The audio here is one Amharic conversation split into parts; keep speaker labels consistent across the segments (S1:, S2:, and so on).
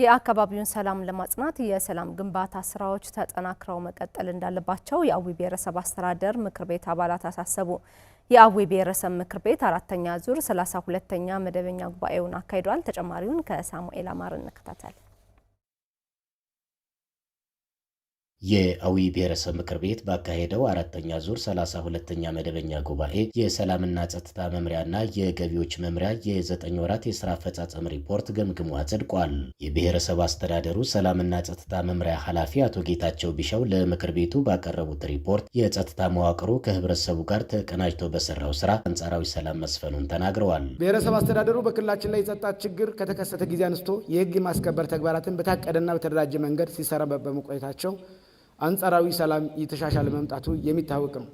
S1: የአካባቢውን ሰላም ለማጽናት የሰላም ግንባታ ስራዎች ተጠናክረው መቀጠል እንዳለባቸው የአዊ ብሔረሰብ አስተዳደር ምክር ቤት አባላት አሳሰቡ። የአዊ ብሔረሰብ ምክር ቤት አራተኛ ዙር ሰላሳ ሁለተኛ መደበኛ ጉባኤውን አካሂዷል። ተጨማሪውን ከሳሙኤል አማር እንከታተል።
S2: የአዊ ብሔረሰብ ምክር ቤት ባካሄደው አራተኛ ዙር ሰላሳ ሁለተኛ መደበኛ ጉባኤ የሰላምና ጸጥታ መምሪያና የገቢዎች መምሪያ የዘጠኝ ወራት የስራ አፈጻጸም ሪፖርት ገምግሞ አጽድቋል። የብሔረሰብ አስተዳደሩ ሰላምና ጸጥታ መምሪያ ኃላፊ አቶ ጌታቸው ቢሻው ለምክር ቤቱ ባቀረቡት ሪፖርት የጸጥታ መዋቅሩ ከህብረተሰቡ ጋር ተቀናጅቶ በሰራው ስራ አንጻራዊ ሰላም መስፈኑን ተናግረዋል።
S3: ብሔረሰብ አስተዳደሩ በክልላችን ላይ የጸጥታ ችግር ከተከሰተ ጊዜ አንስቶ የህግ የማስከበር ተግባራትን በታቀደና በተደራጀ መንገድ ሲሰራ በመቆየታቸው አንጻራዊ ሰላም እየተሻሻለ መምጣቱ የሚታወቅ ነው።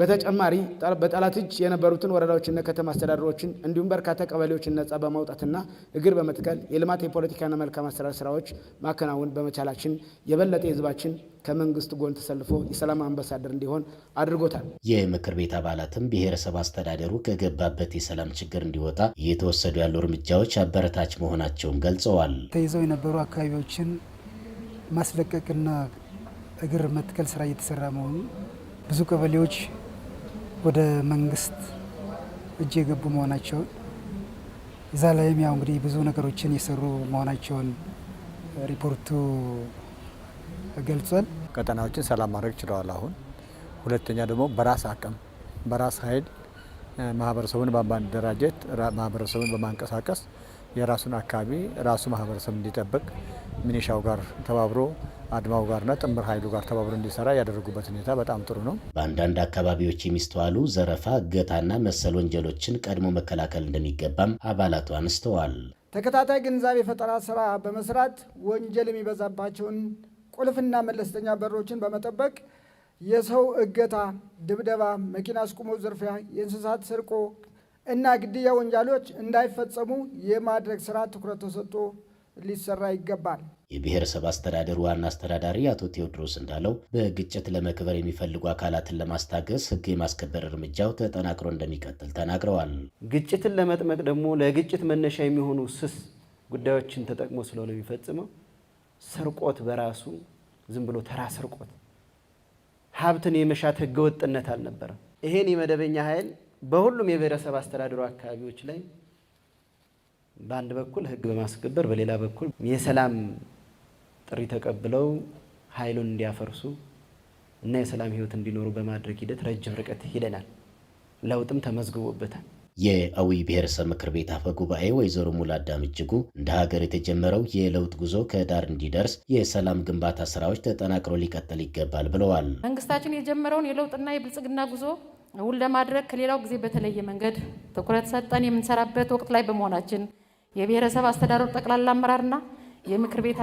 S3: በተጨማሪ በጠላት እጅ የነበሩትን ወረዳዎችና ከተማ አስተዳደሮችን እንዲሁም በርካታ ቀበሌዎችን ነጻ በማውጣትና እግር በመትከል የልማት የፖለቲካና መልካም አስተዳደር ስራዎች ማከናወን በመቻላችን የበለጠ ህዝባችን ከመንግስት ጎን ተሰልፎ የሰላም አምባሳደር እንዲሆን አድርጎታል።
S2: የምክር ቤት አባላትም ብሔረሰብ አስተዳደሩ ከገባበት የሰላም ችግር እንዲወጣ እየተወሰዱ ያሉ እርምጃዎች አበረታች መሆናቸውን ገልጸዋል።
S4: ተይዘው የነበሩ አካባቢዎችን ማስለቀቅና እግር መትከል ስራ እየተሰራ መሆኑ ብዙ ቀበሌዎች ወደ መንግስት እጅ የገቡ መሆናቸውን እዛ ላይም ያው እንግዲህ ብዙ ነገሮችን የሰሩ መሆናቸውን ሪፖርቱ ገልጿል።
S5: ቀጠናዎችን ሰላም ማድረግ ችለዋል። አሁን ሁለተኛ ደግሞ በራስ አቅም በራስ ኃይል ማህበረሰቡን በማደራጀት ማህበረሰቡን በማንቀሳቀስ የራሱን አካባቢ ራሱ ማህበረሰብ እንዲጠብቅ ሚኒሻው ጋር ተባብሮ አድማው ጋርና ጥምር ኃይሉ ጋር ተባብሮ እንዲሰራ ያደረጉበት ሁኔታ በጣም ጥሩ ነው።
S2: በአንዳንድ አካባቢዎች የሚስተዋሉ ዘረፋ፣ እገታና መሰል ወንጀሎችን ቀድሞ መከላከል እንደሚገባም አባላቱ አንስተዋል።
S6: ተከታታይ ግንዛቤ ፈጠራ ስራ በመስራት ወንጀል የሚበዛባቸውን ቁልፍና መለስተኛ በሮችን በመጠበቅ የሰው እገታ፣ ድብደባ፣ መኪና አስቁሞ ዝርፊያ፣ የእንስሳት ስርቆ እና ግድያ ወንጀሎች እንዳይፈጸሙ የማድረግ ስራ ትኩረት ተሰጥቶ ሊሰራ ይገባል።
S2: የብሔረሰብ አስተዳደር ዋና አስተዳዳሪ አቶ ቴዎድሮስ እንዳለው በግጭት ለመክበር የሚፈልጉ አካላትን ለማስታገስ ሕግ የማስከበር እርምጃው ተጠናክሮ እንደሚቀጥል ተናግረዋል።
S7: ግጭትን ለመጥመቅ ደግሞ ለግጭት መነሻ የሚሆኑ ስስ ጉዳዮችን ተጠቅሞ ስለሆነ የሚፈጽመው ስርቆት በራሱ ዝም ብሎ ተራ ስርቆት ሀብትን የመሻት ህገወጥነት አልነበረም። ይሄን የመደበኛ ኃይል በሁሉም የብሔረሰብ አስተዳደሩ አካባቢዎች ላይ በአንድ በኩል ህግ በማስከበር በሌላ በኩል የሰላም ጥሪ ተቀብለው ኃይሉን እንዲያፈርሱ እና የሰላም ህይወት እንዲኖሩ በማድረግ ሂደት ረጅም ርቀት ሂደናል። ለውጥም ተመዝግቦበታል።
S2: የአዊ ብሔረሰብ ምክር ቤት አፈ ጉባኤ ወይዘሮ ሙላዳም እጅጉ እንደ ሀገር የተጀመረው የለውጥ ጉዞ ከዳር እንዲደርስ የሰላም ግንባታ ስራዎች ተጠናክሮ ሊቀጥል ይገባል ብለዋል።
S8: መንግስታችን የጀመረውን የለውጥና የብልጽግና ጉዞ እውን ለማድረግ ከሌላው ጊዜ በተለየ መንገድ ትኩረት ሰጠን የምንሰራበት ወቅት ላይ በመሆናችን የብሔረሰብ አስተዳደሩ ጠቅላላ አመራርና የምክር ቤት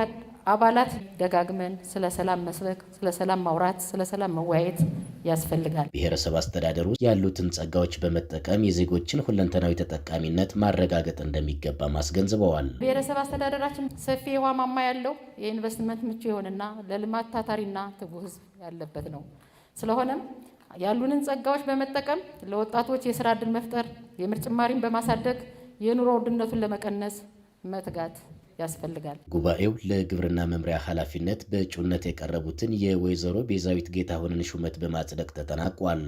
S8: አባላት ደጋግመን ስለ ሰላም መስበክ፣ ስለ ሰላም ማውራት፣ ስለ ሰላም መወያየት ያስፈልጋል።
S2: ብሔረሰብ አስተዳደሩ ያሉትን ጸጋዎች በመጠቀም የዜጎችን ሁለንተናዊ ተጠቃሚነት ማረጋገጥ እንደሚገባ ማስገንዝበዋል።
S9: ብሔረሰብ አስተዳደራችን ሰፊ የውሃ ማማ ያለው የኢንቨስትመንት ምቹ የሆነና ለልማት ታታሪና ትጉህ ህዝብ ያለበት ነው። ስለሆነም ያሉንን ጸጋዎች በመጠቀም ለወጣቶች የስራ ዕድል መፍጠር፣ የምር ጭማሪን በማሳደግ የኑሮ ውድነቱን ለመቀነስ መትጋት ያስፈልጋል።
S2: ጉባኤው ለግብርና መምሪያ ኃላፊነት በእጩነት የቀረቡትን የወይዘሮ ቤዛዊት ጌታሁንን ሹመት በማጽደቅ ተጠናቋል።